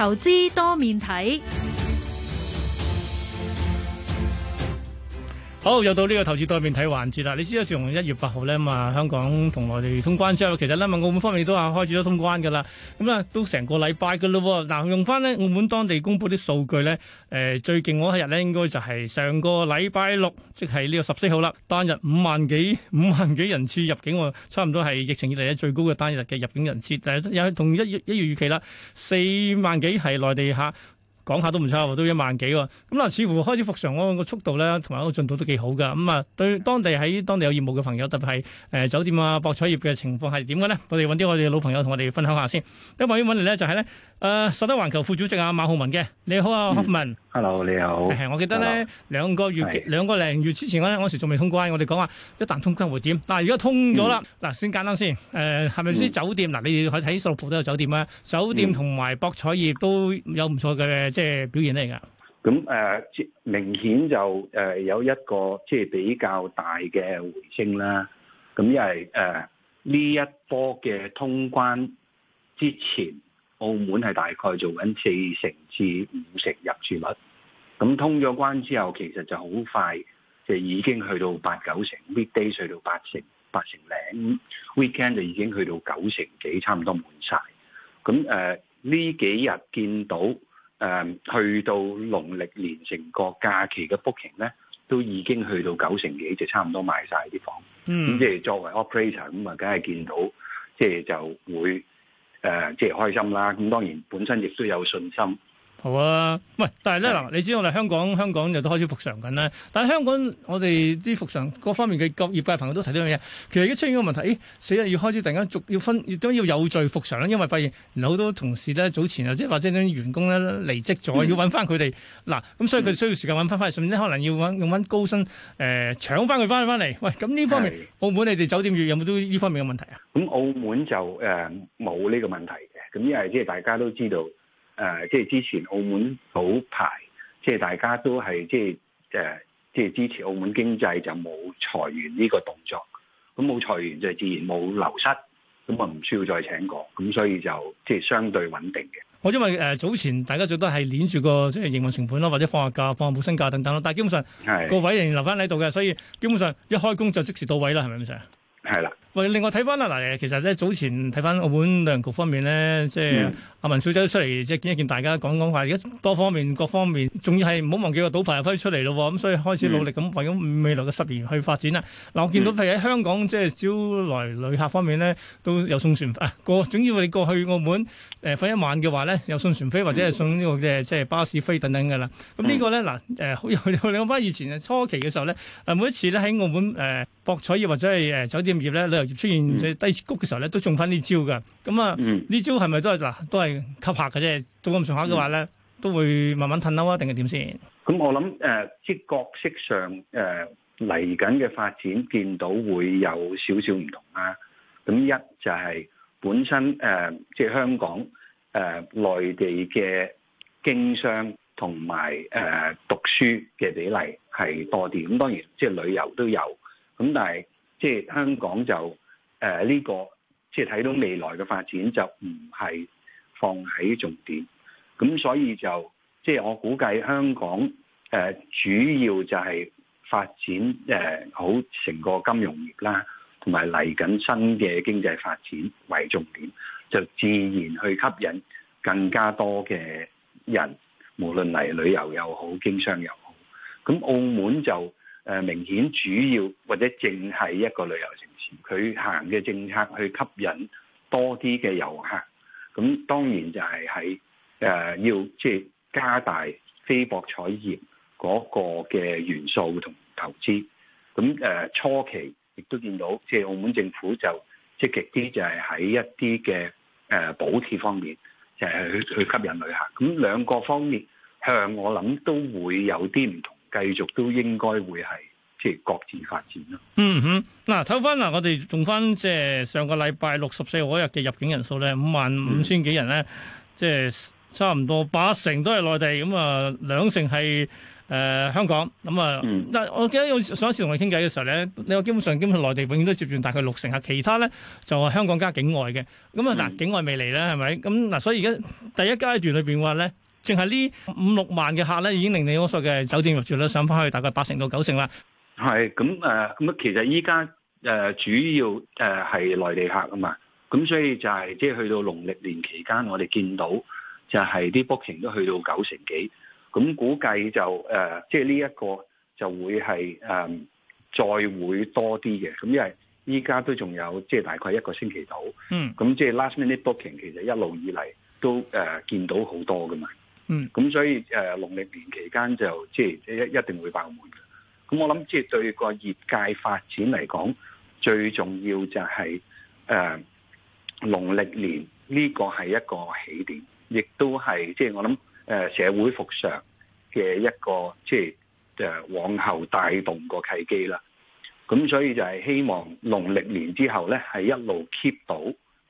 投資多面睇。好，又到呢個投資多面睇環節啦。你知啦，自從一月八號咧嘛，啊，香港同內地通關之後，其實咧，咪澳門方面都話開始咗通關噶啦。咁啊，都成個禮拜噶咯。嗱，用翻呢澳門當地公布啲數據咧，呃，最勁嗰一日咧，應該就係上個禮拜六，即係呢個十四號啦，單日五萬幾五萬幾人次入境喎，差唔多係疫情以嚟咧最高嘅單日嘅入境人次，但有同一月一月預期啦，四萬幾係內地客。講下都唔錯喎，都一萬幾喎。咁、嗯、嗱，似乎開始復常，嗰個速度咧同埋個進度都幾好噶。咁、嗯、啊，對當地喺當地有業務嘅朋友，特別係誒酒店啊、博彩業嘅情況係點嘅咧？我哋揾啲我哋老朋友同我哋分享一下先。咁啊、就是，要揾嚟咧就係咧，誒，實德環球副主席啊，馬浩文嘅。你好啊，浩文、嗯。man hello，你好。哎、我記得咧兩 Hello, 個月兩 hello, 個零月之前嗰陣時仲未通關，我哋講話一啖通關會點。嗱、啊，而家通咗啦。嗱、嗯，先簡單先。誒、呃，係咪先酒店？嗱、嗯，你哋喺十六浦都有酒店啊。酒店同埋博彩業都有唔錯嘅。嗯即表現嚟㗎，咁誒、呃、明顯就誒有一個即係比較大嘅回升啦。咁因為誒呢一波嘅通關之前，澳門係大概做緊四成至五成入住率。咁通咗關之後，其實就好快就已經去到八九成，weekday 去到八成八成零，weekend 就已經去到九成幾，差唔多滿晒。咁誒呢幾日見到。誒、嗯、去到農曆年成個假期嘅 booking 咧，都已經去到九成幾，就差唔多賣晒啲房。咁即係作為 operator，咁啊，梗係見到，即係就會誒，即係開心啦。咁當然本身亦都有信心。好啊！喂，但係咧嗱，的你知道我哋香港香港又都開始復常緊啦。但係香港我哋啲復常各方面嘅業界朋友都睇到乜嘢？其實而家出現個問題，誒死喇要開始突然間逐要分，要都要有序復常啦。因為發現好多同事咧早前呢、嗯、啊，即係或者啲員工咧離職咗，要揾翻佢哋嗱。咁所以佢需要時間揾翻翻嚟，嗯、甚至可能要揾用翻高薪誒、呃、搶翻佢翻翻嚟。喂，咁呢方面的澳門你哋酒店業有冇都呢方面嘅問題啊？咁、嗯、澳門就誒冇呢個問題嘅，咁因為即係大家都知道。誒，即係、呃、之前澳門早排，即係大家都係即係誒，即、呃、係支持澳門經濟就冇裁員呢個動作。咁冇裁員就自然冇流失，咁啊唔需要再請過，咁所以就即係相對穩定嘅。我因為誒、呃、早前大家最多係諗住個即係營運成本咯，或者放下假、放下冇薪假等等咯，但係基本上是的 個位仍然留翻喺度嘅，所以基本上一開工就即時到位啦，係咪咁寫？係啦。喂，另外睇翻啦，嗱，其實咧早前睇翻澳門旅遊局方面咧，即係阿文小姐出嚟即係見一見大家，講講話而家多方面各方面，仲要係唔好忘記個賭牌又推出嚟咯，咁所以開始努力咁為咗未來嘅十年去發展啦。嗱，我見到譬如喺香港即係招來旅客方面咧，都有送船啊過，總之你過去澳門誒瞓一晚嘅話咧，有送船飛或者係送呢個嘅即係巴士飛等等嘅啦。咁呢個咧嗱誒，好有你講翻以前初期嘅時候咧，誒每一次咧喺澳門誒博彩業或者係誒酒店業咧，出現低谷嘅時候咧，都中翻呢招噶。咁啊，呢、嗯、招係咪都係嗱，都係吸客嘅啫。到咁上下嘅話咧，嗯、都會慢慢褪溜啊，定係點先？咁我諗誒，即、呃、角色上誒嚟緊嘅發展，見到會有少少唔同啦、啊。咁一就係本身誒、呃，即香港誒內、呃、地嘅經商同埋誒讀書嘅比例係多啲。咁當然，即旅遊都有。咁但係。即係香港就誒呢、呃呢個，即係睇到未來嘅發展就唔係放喺重點，咁所以就即係我估計香港誒、呃、主要就係發展誒、呃、好成個金融業啦，同埋嚟緊新嘅經濟發展為重點，就自然去吸引更加多嘅人，無論嚟旅遊又好，經商又好，咁澳門就，誒明顯主要或者淨係一個旅遊城市，佢行嘅政策去吸引多啲嘅遊客，咁當然就係喺誒要即係加大非博彩業嗰個嘅元素同投資，咁誒、呃、初期亦都見到即係、就是、澳門政府就積極啲就係喺一啲嘅誒補貼方面就係去，去吸引旅客，咁兩個方面向我諗都會有啲唔同。繼續都應該會係即係各自發展咯。嗯哼，嗱，睇翻嗱，我哋用翻即係上個禮拜六十四號嗰日嘅入境人數咧，五萬五千幾人咧，即係、嗯、差唔多八成都係內地，咁、嗯、啊兩成係誒、呃、香港，咁、嗯、啊，嗯、但我記得我上一次同佢傾偈嘅時候咧，你話基本上基本上內地永遠都接住大概六成啊，其他咧就係、是、香港加境外嘅，咁啊嗱，嗯、境外未嚟咧係咪？咁嗱，所以而家第一階段裏邊話咧。淨係呢五六萬嘅客咧，已經令你嗰所嘅酒店入住率上翻去大概八成到九成啦，嗯。係咁誒，咁啊，其實依家誒主要誒係內地客啊嘛，咁所以就係即係去到農曆年期間，我哋見到就係啲 booking 都去到九成幾，咁估計就誒即係呢一個就會係誒、呃、再會多啲嘅。咁因為依家都仲有即係大概一個星期度，嗯、嗯，咁即係 last minute booking 其實一路以嚟都誒、呃、見到好多噶嘛。嗯，咁所以誒，農曆年期間就即係一一定會爆滿嘅。咁我諗即係對個業界發展嚟講，最重要就係誒農曆年呢個係一個起點，亦都係即係我諗誒社會復常嘅一個即係誒往後帶動個契機啦。咁所以就係希望農曆年之後咧，係一路 keep 到。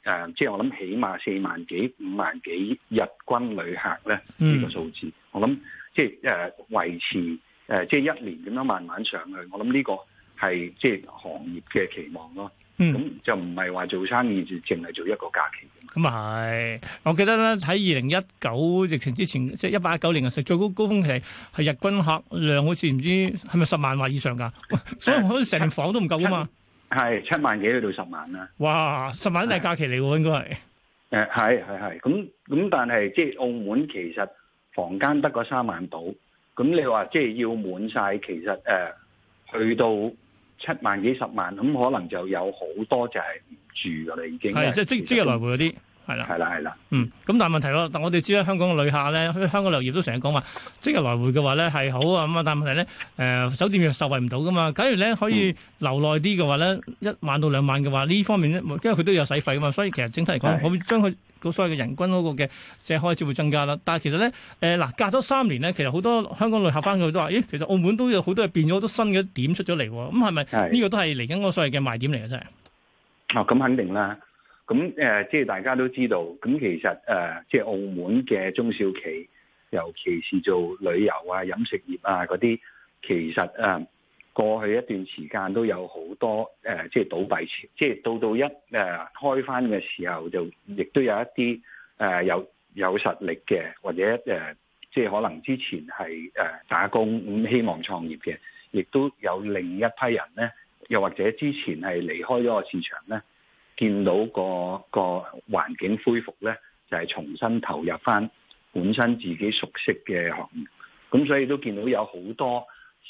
誒、呃，即係我諗起碼四萬幾、五萬幾日均旅客咧呢、嗯、呢個數字，我諗即係、呃、誒維持誒、呃，即係一年咁樣慢慢上去，我諗呢個係即係行業嘅期望咯。咁、嗯、就唔係話做生意就淨係做一個假期咁係，我記得咧喺二零一九疫情之前，即係一八一九年嘅時最高高峰期係日均客量好似唔知係咪十萬或以上噶，所以我成、呃、房都唔夠啊嘛、呃。呃係七萬幾去到十萬啦，哇！十萬都係假期嚟嘅。係應該係，誒係係係，咁咁但係即係澳門其實房間得個三萬到，咁你話即係要滿晒，其實誒、呃、去到七萬幾十萬，咁可能就有好多就係唔住噶啦已經。係即係、就是、即係來回嗰啲。係啦，係啦，係啦。是的嗯，咁但係問題咯，但我哋知咧，香港嘅旅客咧，香港旅遊業都成日講話即日來回嘅話咧係好啊咁啊，但係問題咧，誒、呃，酒店業受惠唔到噶嘛。假如咧可以留耐啲嘅話咧，嗯、一晚到兩晚嘅話，呢方面咧，因為佢都有使費噶嘛，所以其實整體嚟講，的我會將佢所謂嘅人均嗰個嘅即係開支會增加啦。但係其實咧，誒、呃、嗱，隔咗三年咧，其實好多香港旅客翻去都話，咦，其實澳門都有好多變咗，好多新嘅點出咗嚟。咁係咪呢個都係嚟緊嗰所謂嘅賣點嚟嘅真係？啊的，咁、哦、肯定啦。咁誒、呃，即係大家都知道，咁其實誒、呃，即係澳門嘅中小企，尤其是做旅遊啊、飲食業啊嗰啲，其實誒、呃、過去一段時間都有好多誒、呃，即係倒閉潮，即係到到一誒、呃、開翻嘅時候就，就亦都有一啲誒、呃、有有實力嘅，或者誒、呃、即係可能之前係誒打工，咁希望創業嘅，亦都有另一批人咧，又或者之前係離開咗個市場咧。見到個個環境恢復咧，就係、是、重新投入翻本身自己熟悉嘅行業，咁所以都見到有好多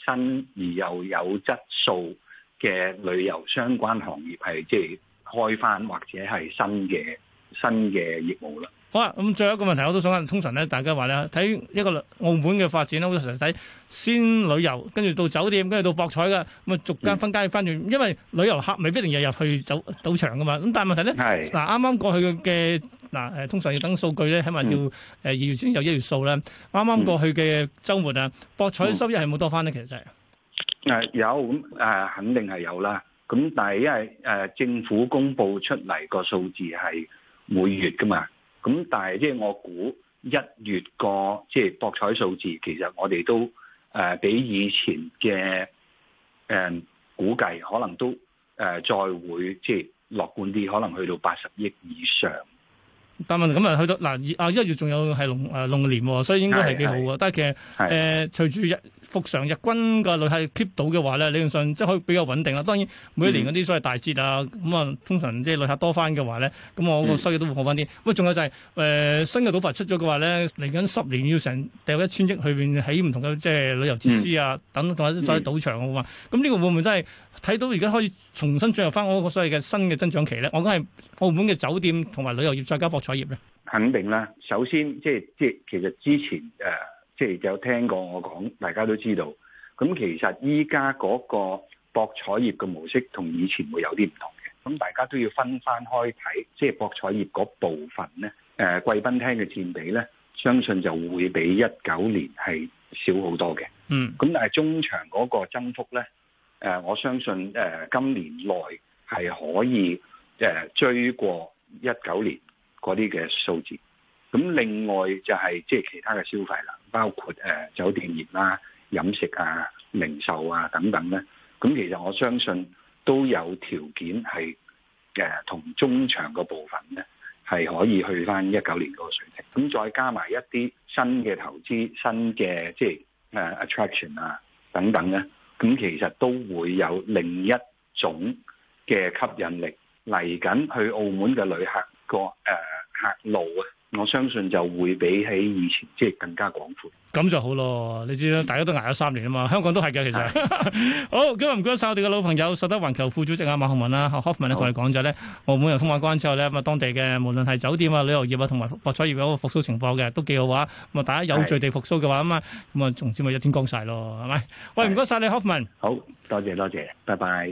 新而又有質素嘅旅遊相關行業係即係開翻或者係新嘅新嘅業務啦。好啊！咁最後一個問題我都想問。通常咧，大家話咧睇一個澳門嘅發展咧，我哋成日睇先旅遊，跟住到酒店，跟住到博彩嘅咁啊，就逐間分街翻轉。因為旅遊客未必一定日日去酒賭場噶嘛。咁但係問題咧，嗱啱啱過去嘅嗱誒，通常要等數據咧，起碼要誒二月先、嗯、有一月數啦。啱啱過去嘅週末啊，博彩收益係冇多翻咧，其實係誒、啊、有咁誒、啊，肯定係有啦。咁但係因為誒政府公佈出嚟個數字係每月噶嘛。咁但係即係我估一月個即係博彩數字，其實我哋都誒比以前嘅誒估計，可能都誒再會即係樂觀啲，可能去到八十億以上。但問咁啊，去到嗱啊一月仲有係農誒農年喎，所以應該係幾好喎。是但係其實誒是、呃、隨住日復常，日均嘅旅客 keep 到嘅話咧，理論上即係可以比較穩定啦。當然每一年嗰啲所謂大節啊，咁啊、嗯、通常即係旅客多翻嘅話咧，咁我個收益都會好翻啲。咁啊、嗯，仲有就係、是、誒、呃、新嘅賭法出咗嘅話咧，嚟緊十年要成掉一千億去邊起唔同嘅即係旅遊設施啊，嗯、等同埋再啲賭場好嘛。咁呢、嗯、個會唔會真係？睇到而家可以重新進入翻我個所謂嘅新嘅增長期咧，我梗係澳門嘅酒店同埋旅遊業再加博彩業咧，肯定啦。首先，即係即係其實之前誒，即、呃、係有聽過我講，大家都知道。咁其實依家嗰個博彩業嘅模式同以前會有啲唔同嘅，咁大家都要分翻開睇，即係博彩業嗰部分咧，誒、呃、貴賓廳嘅佔比咧，相信就會比一九年係少好多嘅。嗯。咁但係中場嗰個增幅咧？誒，我相信誒今年內係可以誒追過一九年嗰啲嘅數字。咁另外就係即係其他嘅消費啦，包括誒酒店業啦、飲食啊、零售啊等等咧。咁其實我相信都有條件係誒同中場嘅部分咧，係可以去翻一九年嗰個水平。咁再加埋一啲新嘅投資、新嘅即係誒 attraction 啊等等咧。咁其實都會有另一種嘅吸引力嚟緊去澳門嘅旅客個誒、呃、客路啊，我相信就會比起以前即係更加廣闊，咁就好咯。你知啦，大家都挨咗三年啊嘛，香港都係嘅，其實。好，今日唔該曬我哋嘅老朋友，實德環球副主席啊，馬浩文啦，哈，Hoffman 咧同你講咗咧，澳門由通關之後咧，咪當地嘅無論係酒店啊、旅遊業啊同埋博彩業有個復甦情況嘅都幾好啊。咁啊，大家有序地復甦嘅話啊嘛，咁啊，從此咪一天光曬咯，係咪？喂，唔該曬你，Hoffman。好多謝多謝，拜拜。